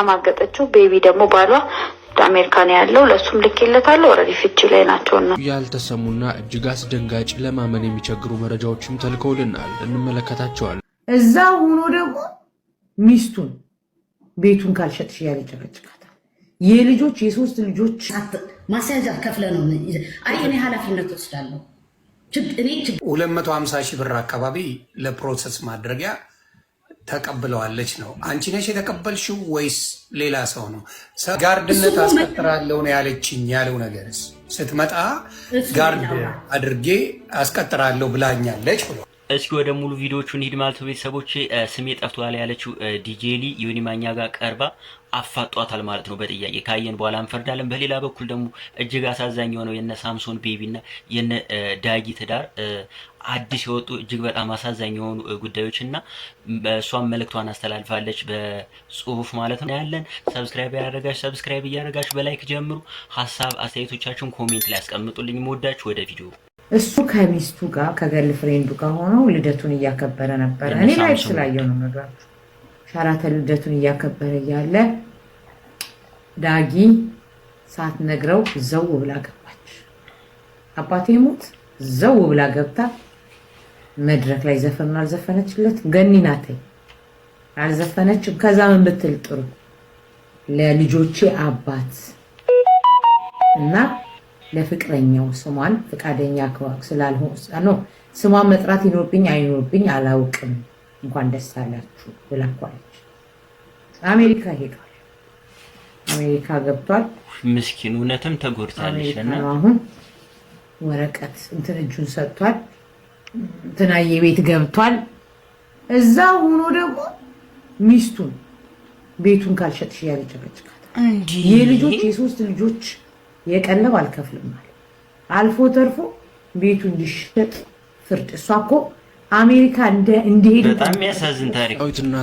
ያማገጠችው ቤቢ ደግሞ ባሏ አሜሪካ ነው ያለው። ልክ ልኬለታለሁ። ኦልሬዲ ፍቺ ላይ ናቸው። ነው ያልተሰሙና እጅግ አስደንጋጭ ለማመን የሚቸግሩ መረጃዎችም ተልከውልናል፣ እንመለከታቸዋለን። እዛ ሆኖ ደግሞ ሚስቱን ቤቱን ካልሸጥሽ እያለ ይጨቀጭቃታል። የልጆች የሶስት ልጆች ማስያዣ ከፍለ ነው። አይ እኔ ኃላፊነት ወስዳለሁ። ሁለት መቶ ሀምሳ ሺህ ብር አካባቢ ለፕሮሰስ ማድረጊያ ተቀብለዋለች ነው። አንቺ ነሽ የተቀበልሽው ወይስ ሌላ ሰው ነው? ጋርድነት አስቀጥራለሁ ነው ያለችኝ። ያለው ነገርስ ስትመጣ ጋርድ አድርጌ አስቀጥራለሁ ብላኛለች ብሎ እስኪ ወደ ሙሉ ቪዲዮቹ እንሂድ። ማለት ቤተሰቦች ስሜ ጠፍቷል ያለችው ዲጄሊ ዮኒ ማኛ ጋር ቀርባ አፋጧታል ማለት ነው። በጥያቄ ካየን በኋላ እንፈርዳለን። በሌላ በኩል ደግሞ እጅግ አሳዛኝ የሆነው የነ ሳምሶን ቤቢ እና የነ ዳጊ ትዳር አዲስ የወጡ እጅግ በጣም አሳዛኝ የሆኑ ጉዳዮች እና እሷም መልእክቷን አስተላልፋለች በጽሁፍ ማለት ነው ያለን። ሰብስክራይብ ያደረጋችሁ ሰብስክራይብ እያደረጋችሁ በላይክ ጀምሩ። ሀሳብ አስተያየቶቻችሁን ኮሜንት ላይ ያስቀምጡልኝ። መወዳችሁ ወደ ቪዲዮ እሱ ከሚስቱ ጋር ከገል ፍሬንዱ ጋር ሆነው ልደቱን እያከበረ ነበረ። እኔ ላይ ስላየው ነው መግባችሁ። ሸራተን ልደቱን እያከበረ እያለ ዳጊ ሳትነግረው ዘው ብላ ገባች። አባቴ ሞት ዘው ብላ ገብታ መድረክ ላይ ዘፈኑን አልዘፈነችለት። ገኒ ናት አልዘፈነችም። ከዛ ምን ብትል ጥሩ ለልጆቼ አባት እና ለፍቅረኛው ስሟን ፍቃደኛ ስላልሆነ ስሟን መጥራት ይኖርብኝ አይኖርብኝ አላውቅም፣ እንኳን ደስ አላችሁ ብላኳለች። አሜሪካ ሄዷል። አሜሪካ ገብቷል። ምስኪን እውነትም ተጎድታለች። አሁን ወረቀት እንትን እጁን ሰጥቷል። ትናየ ቤት ገብቷል። እዛ ሆኖ ደግሞ ሚስቱን ቤቱን ካልሸጥሽ እያለ የልጆች የሶስት ልጆች የቀለብ አልከፍልም አለ። አልፎ ተርፎ ቤቱ እንዲሸጥ ፍርድ እሷ እኮ አሜሪካ እንደሄደ በጣም የሚያሳዝን ታሪክ።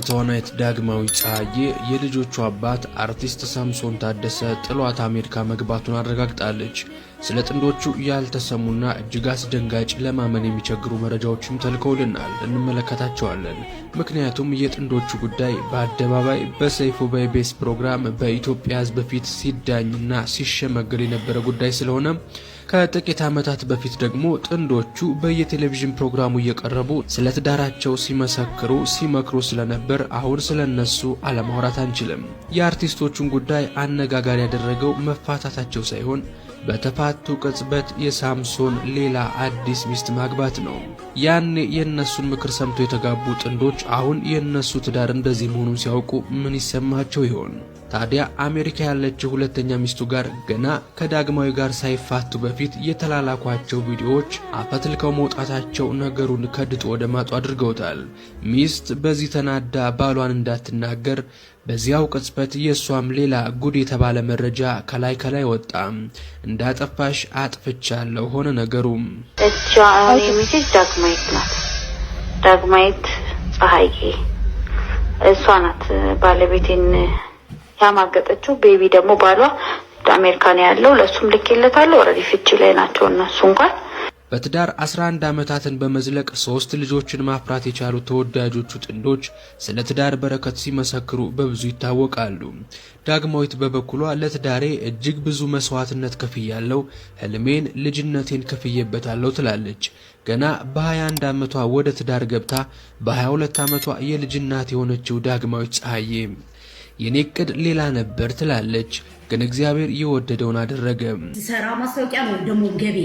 ተዋናይት ዳግማዊ ፀሐዬ የልጆቹ አባት አርቲስት ሳምሶን ታደሰ ጥሏት አሜሪካ መግባቱን አረጋግጣለች። ስለ ጥንዶቹ ያልተሰሙና እጅግ አስደንጋጭ ለማመን የሚቸግሩ መረጃዎችም ተልከውልናል፣ እንመለከታቸዋለን። ምክንያቱም የጥንዶቹ ጉዳይ በአደባባይ በሰይፉ በኢቢኤስ ፕሮግራም በኢትዮጵያ ሕዝብ ፊት ሲዳኝና ሲሸመገል የነበረ ጉዳይ ስለሆነ ከጥቂት ዓመታት በፊት ደግሞ ጥንዶቹ በየቴሌቪዥን ፕሮግራሙ እየቀረቡ ስለ ትዳራቸው ሲመሰክሩ ሲመክሩ ስለነበር አሁን ስለ አለማውራት አንችልም። የአርቲስቶቹን ጉዳይ አነጋጋሪ ያደረገው መፋታታቸው ሳይሆን በተፋቱ ቅጽበት የሳምሶን ሌላ አዲስ ሚስት ማግባት ነው። ያኔ የእነሱን ምክር ሰምቶ የተጋቡ ጥንዶች ሰዎች አሁን የእነሱ ትዳር እንደዚህ መሆኑን ሲያውቁ ምን ይሰማቸው ይሆን? ታዲያ አሜሪካ ያለችው ሁለተኛ ሚስቱ ጋር ገና ከዳግማዊ ጋር ሳይፋቱ በፊት የተላላኳቸው ቪዲዮዎች አፈትልከው መውጣታቸው ነገሩን ከድጡ ወደ ማጡ አድርገውታል። ሚስት በዚህ ተናዳ ባሏን እንዳትናገር በዚያው ቅጽበት የእሷም ሌላ ጉድ የተባለ መረጃ ከላይ ከላይ ወጣ። እንዳጠፋሽ አጥፍቻለሁ ሆነ ነገሩም። እሷ አሁን ዳግማዊት ናት። ዳግማዊት ፀሐይ እሷ ናት ባለቤቴን ያማገጠችው። ቤቢ ደግሞ ባሏ አሜሪካን ያለው። ለእሱም ልኬለታለሁ። ኦልሬዲ ፍቺ ላይ ናቸው እነሱ እንኳን በትዳር 11 ዓመታትን በመዝለቅ ሶስት ልጆችን ማፍራት የቻሉ ተወዳጆቹ ጥንዶች ስለ ትዳር በረከት ሲመሰክሩ በብዙ ይታወቃሉ። ዳግማዊት በበኩሏ ለትዳሬ እጅግ ብዙ መስዋዕትነት ከፍያለው፣ ህልሜን፣ ልጅነቴን ከፍዬበታለሁ ትላለች። ገና በ21 ዓመቷ ወደ ትዳር ገብታ በ22 ዓመቷ የልጅናት የሆነችው ዳግማዊት ፀሐዬ የኔ እቅድ ሌላ ነበር ትላለች። ግን እግዚአብሔር የወደደውን አደረገ። ሰራ ማስታወቂያ ነው ደግሞ ገቤ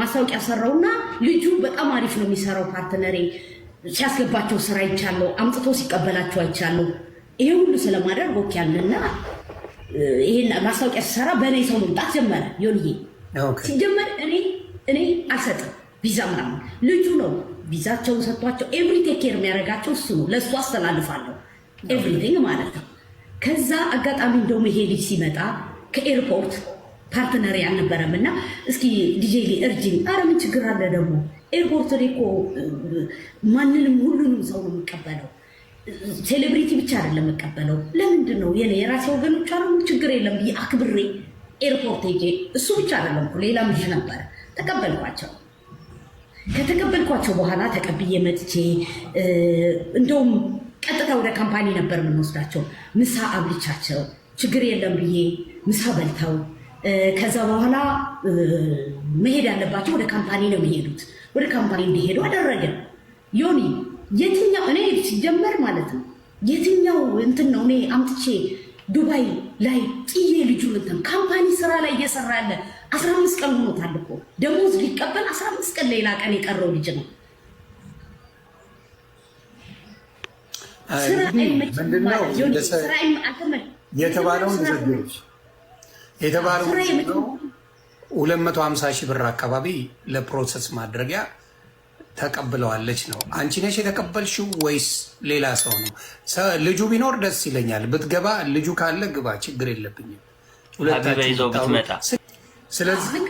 ማስታወቂያ ሰራውና ልጁ በጣም አሪፍ ነው የሚሰራው ፓርትነሬ ሲያስገባቸው ስራ ይቻለው አምጥቶ ሲቀበላቸው አይቻለሁ። ይሄ ሁሉ ስለማደርግ ወክ ያለና ይሄን ማስታወቂያ ሲሰራ በእኔ ሰው መምጣት ጀመረ። ዮልዬ ሲጀመር እኔ እኔ አልሰጥም ቪዛ ምናምን ልጁ ነው ቪዛቸውን ሰጥቷቸው ኤቭሪ ኬር የሚያደርጋቸው እሱ ነው። ለእሱ አስተላልፋለሁ ኤቭሪቲንግ ማለት ነው። ከዛ አጋጣሚ እንደውም ይሄ ልጅ ሲመጣ ከኤርፖርት ፓርትነር አልነበረም እና እስኪ ዲጄ እርጅኝ፣ ኧረ ምን ችግር አለ ደግሞ ኤርፖርት ላይ እኮ ማንንም ሁሉንም ሰው ነው የምቀበለው። ሴሌብሪቲ ብቻ አይደለም የምቀበለው። ለምንድን ነው የኔ የራሴ ወገኖች አሉ፣ ችግር የለም ብዬ አክብሬ ኤርፖርት ሄጄ እሱ ብቻ አይደለም ሌላም ልጅ ነበረ ተቀበልኳቸው። ከተቀበልኳቸው በኋላ ተቀብዬ መጥቼ እንደውም ቀጥታ ወደ ካምፓኒ ነበር የምንወስዳቸው። ምሳ አብልቻቸው ችግር የለም ብዬ ምሳ በልተው ከዛ በኋላ መሄድ ያለባቸው ወደ ካምፓኒ ነው የሚሄዱት። ወደ ካምፓኒ እንዲሄዱ አደረገ። ዮኒ የትኛው እኔ ሲጀመር ማለት ነው የትኛው እንትን ነው እኔ አምጥቼ ዱባይ ላይ ጥዬ ልጁ እንትን ካምፓኒ ስራ ላይ እየሰራ ያለ አስራ አምስት ቀን ሆኖታል እኮ ደሞዝ ሊቀበል አስራ አምስት ቀን ሌላ ቀን የቀረው ልጅ ነው። የተባለውን ዘዎች የተባለው ሁለት መቶ ሀምሳ ሺህ ብር አካባቢ ለፕሮሰስ ማድረጊያ ተቀብለዋለች ነው። አንቺ ነሽ የተቀበልሽው ወይስ ሌላ ሰው ነው? ልጁ ቢኖር ደስ ይለኛል። ብትገባ ልጁ ካለ ግባ፣ ችግር የለብኝም። ስለዚህ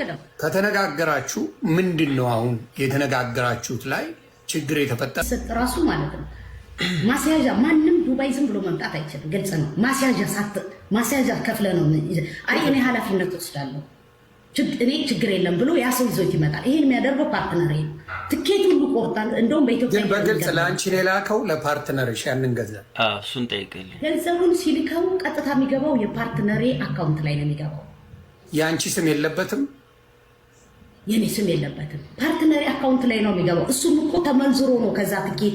ከተነጋገራችሁ ምንድን ነው አሁን የተነጋገራችሁት ላይ ችግር የተፈጠረ ራሱ ማለት ነው ማስያዣ ማንም ዱባይ ዝም ብሎ መምጣት አይችልም። ግልጽ ነው። ማስያዣ ሳት ማስያዣ ከፍለ ነው። አይ እኔ ኃላፊነት ወስዳለሁ እኔ ችግር የለም ብሎ ያ ሰው ይዞት ይመጣል። ይሄን የሚያደርገው ፓርትነር ትኬት ሁሉ ቆርጣል። እንደውም በኢትዮጵያ በግልጽ ለአንቺ የላከው ለፓርትነርሽ ያንን ገንዘብ እሱን ጠይቅልኝ። ገንዘቡን ሲልከው ቀጥታ የሚገባው የፓርትነሬ አካውንት ላይ ነው የሚገባው። የአንቺ ስም የለበትም፣ የኔ ስም የለበትም። ፓርትነሬ አካውንት ላይ ነው የሚገባው። እሱም እኮ ተመንዝሮ ነው ከዛ ትኬት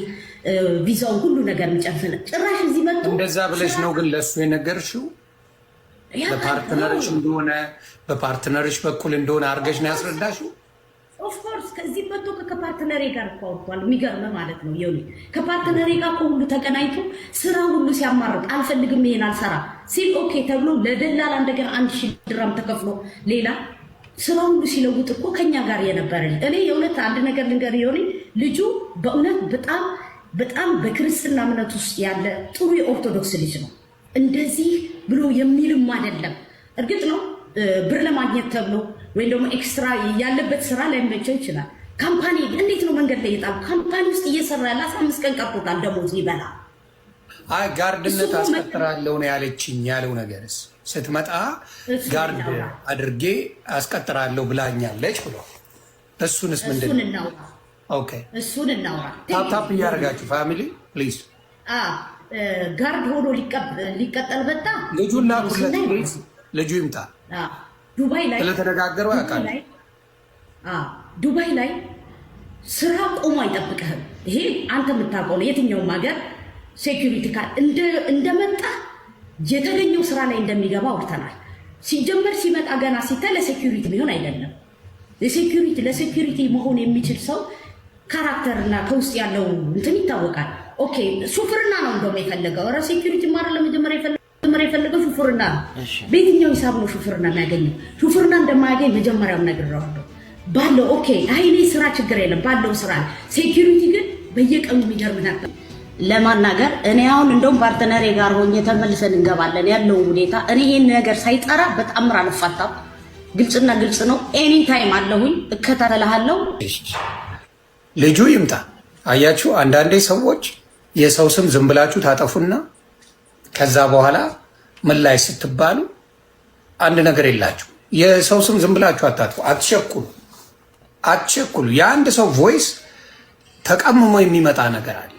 ቪዛውን ሁሉ ነገር የሚጨርስ ጭራሽ እዚህ መጥቶ እንደዛ ብለሽ ነው ግን ለእሱ የነገርሽው በፓርትነርሽ እንደሆነ በፓርትነርሽ በኩል እንደሆነ አድርገሽ ነው ያስረዳሽው። ኦፍኮርስ ከዚህ መጥቶ ከፓርትነሬ ጋር እኮ አውርቷል። የሚገርም ማለት ነው የሆነ ከፓርትነሬ ጋር እኮ ሁሉ ተቀናይቶ ስራ ሁሉ ሲያማርጥ አልፈልግም፣ ይሄን አልሰራ ሲል ኦኬ ተብሎ ለደላላ እንደገና አንድ ሺ ድራም ተከፍሎ ሌላ ስራ ሁሉ ሲለውጥ እኮ ከኛ ጋር የነበረ እኔ የእውነት አንድ ነገር ልንገር የሆነ ልጁ በእውነት በጣም በጣም በክርስትና እምነት ውስጥ ያለ ጥሩ የኦርቶዶክስ ልጅ ነው። እንደዚህ ብሎ የሚልም አይደለም። እርግጥ ነው ብር ለማግኘት ተብሎ ወይም ደግሞ ኤክስትራ ያለበት ስራ ላይመቸው ይችላል። ካምፓኒ እንዴት ነው መንገድ ላይ የጣሉ ካምፓኒ ውስጥ እየሰራ ያለ አስራ አምስት ቀን ቀርቶታል ደሞዝ ሊበላ ጋርድነት አስቀጥራለሁ ነው ያለችኝ። ያለው ነገርስ ስትመጣ ጋርድ አድርጌ አስቀጥራለሁ ብላኛለች ብሎ እሱንስ ምንድን ነው እሱን እናውራ። ታፕታፕ እያደረጋችሁ ፋሚሊ ፕሊዝ። ጋርድ ሆኖ ሊቀጠል በጣ ልጁን ላኩለት ልጁ ይምጣ። ዱባይ ላይ ስለተነጋገሩ ያውቃል። ዱባይ ላይ ስራ ቆሞ አይጠብቅህም። ይሄ አንተ የምታውቀው ነው። የትኛውም ሀገር ሴኪሪቲ ካል እንደመጣ የተገኘው ስራ ላይ እንደሚገባ አውርተናል። ሲጀመር ሲመጣ ገና ሲታይ ለሴኪሪቲ ቢሆን አይደለም። ለሴኪሪቲ ለሴኪሪቲ መሆን የሚችል ሰው ካራክተርና ከውስጥ ያለው እንትን ይታወቃል። ኦኬ ሹፍርና ነው እንደውም የፈለገው ረ ሴኪሪቲ ማር ለመጀመሪያ የፈለገው ሹፍርና ነው። በየትኛው ሂሳብ ነው ሹፍርና የሚያገኘው? ሹፍርና እንደማያገኝ መጀመሪያው ነግሬዋለሁ። ባለው ኦኬ አይኔ ስራ ችግር የለም ባለው ስራ ሴኪሪቲ ግን በየቀኑ ነበር ለማናገር እኔ አሁን እንደውም ፓርትነሬ ጋር ሆኜ ተመልሰን እንገባለን ያለው ሁኔታ እኔ ይህን ነገር ሳይጠራ በጣም ራ አልፋታም። ግልጽና ግልጽ ነው። ኤኒ ታይም አለሁኝ እከታተልሃለሁ። ልጁ ይምጣ። አያችሁ፣ አንዳንዴ ሰዎች የሰው ስም ዝም ብላችሁ ታጠፉና ከዛ በኋላ ምን ላይ ስትባሉ አንድ ነገር የላችሁ። የሰው ስም ዝም ብላችሁ አታጥፉ፣ አትቸኩሉ፣ አትቸኩሉ። የአንድ ሰው ቮይስ ተቀምሞ የሚመጣ ነገር አለ።